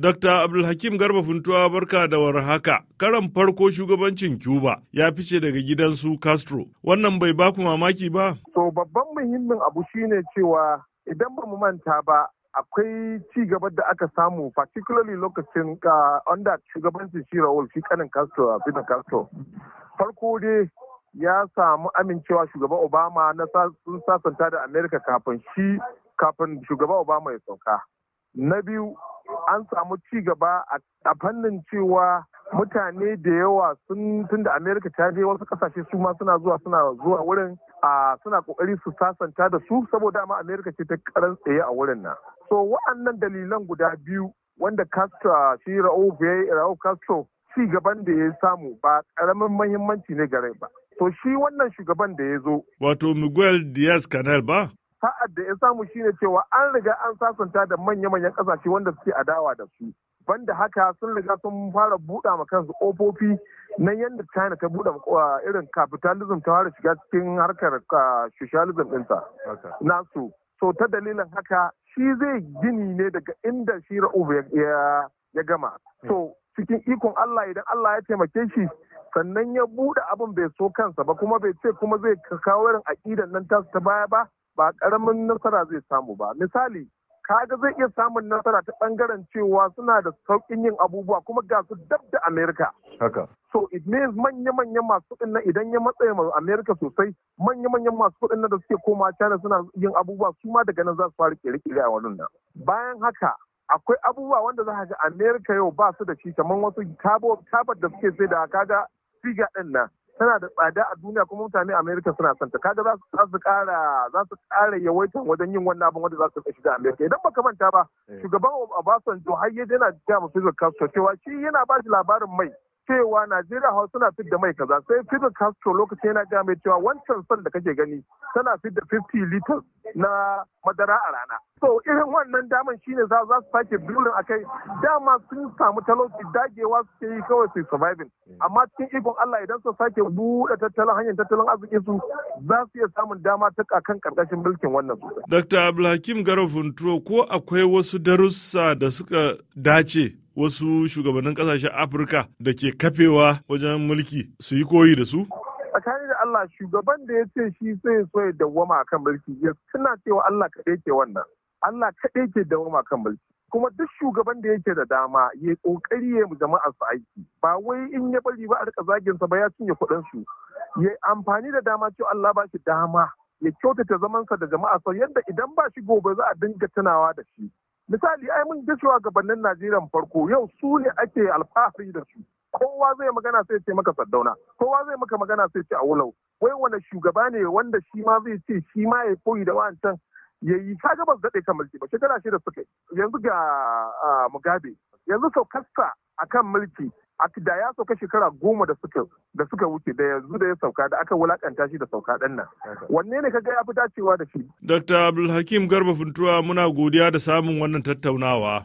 Dr. Abdulhakim Garba Funtuwa barka da haka Karan farko shugabancin Cuba ya fice daga gidansu Castro. Wannan bai baku mamaki ba? To babban muhimmin abu shine cewa idan ba mu manta ba akwai ci gaba da aka samu particularly lokacin ah, under shugabancin shi Raul shi kanin Castro Fidel Castro. Farko dai ya samu amincewa shugaban Obama na sun sasanta da Amerika kafin shi kafin shugaban Obama ya sauka. Na biyu an samu ci gaba a fannin cewa mutane da yawa sun tunda amerika ta je wasu kasashe su ma suna zuwa suna zuwa wurin a suna kokari su sasanta da su saboda ma amerika ce ta karan tsaye a wurin nan so wa'annan dalilan guda biyu wanda castro shi raul castro ci gaban da ya samu ba karamin mahimmanci ne gare ba to shi wannan shugaban da ya zo wato miguel diaz canel ba sa'ad da ya samu shine cewa an riga an sasanta da manya-manyan kasashe wanda suke adawa da su banda haka sun riga sun fara buɗa ma kansu ƙofofi na yadda china ta buɗa uh, irin capitalism ta fara shiga cikin harkar uh, socialism ɗinta nasu so ta dalilin haka shi zai gini ne daga inda shi ra'uf ya gama hmm. so cikin ikon allah idan allah ya taimake shi sannan ya buɗe abin bai so kansa ba kuma bai ce kuma zai kawo irin aƙidan nan tasu ta baya ba ba karamin nasara zai samu ba misali kaga zai iya samun nasara ta bangaren cewa suna da sauƙin yin abubuwa kuma ga su dab da Amerika. Haka. So it means manya-manyan masu kuɗin na idan ya matsaya ma Amerika sosai manya-manyan masu kuɗin na da suke koma China suna yin abubuwa su ma daga nan za su fara kere-kere a wannan nan. Bayan haka akwai abubuwa wanda za ga Amerika yau ba su da shi kamar wasu tabar da suke sai da kaga siga ɗin nan. tana da tsada a duniya kuma mutane Amerika suna son ta kaga za su kara za su kara yawaitan wajen yin wannan abin wanda za su shiga Amerika idan baka manta ba eh. shugaban Obasanjo har yanzu yana ga mu Fidel Castro cewa shi yana ba shi labarin mai cewa Najeriya hau suna fit da mai kaza sai Fidel Castro lokacin yana ga mai cewa wancan son da kake gani tana da 50 liters na madara a rana so irin wannan daman shine za za su sake building akai dama sun samu talauci dagewa suke yi kawai su surviving mm. amma cikin ikon Allah idan su sake buɗe tattalin hanyar tattalin arziki su za su iya samun dama ta kan karkashin mulkin wannan Dr. Abdulhakim Garo ko akwai wasu darussa da suka dace wasu shugabannin kasashen Afirka da ke kafewa wajen mulki su yi koyi da su? tsakanin da Allah shugaban da ya ce shi zai so ya dawwama akan mulki ya suna cewa Allah kaɗai ke wannan Allah kaɗai ke dawama kan mulki kuma duk shugaban da yake da dama ya kokari ya mu jama'a su aiki ba wai in ya bari ba a rika zagin sa ba ya cinye kuɗin su ya amfani da dama cewa Allah ba shi dama ya kyautata sa da jama'a sa yadda idan ba shi gobe za a dinga tunawa da shi misali ai mun ga gabanin Najeriya farko yau su ne ake alfahari da su kowa zai magana sai ce maka saddauna kowa zai maka magana sai ce a wulau wai wani shugaba ne wanda shi ma zai ce shi ma ya koyi da wancan ya yi kaga gabas daɗe kan mulki ba shekara shida suka yanzu ga mugabe yanzu saukarsa a kan mulki da ya sauka shekara goma da suka da suka wuce da yanzu da ya sauka da aka wulakanta shi da sauka ɗan nan wanne ne kaga ya fi dacewa da shi dr abdulhakim garba funtuwa muna godiya da samun wannan tattaunawa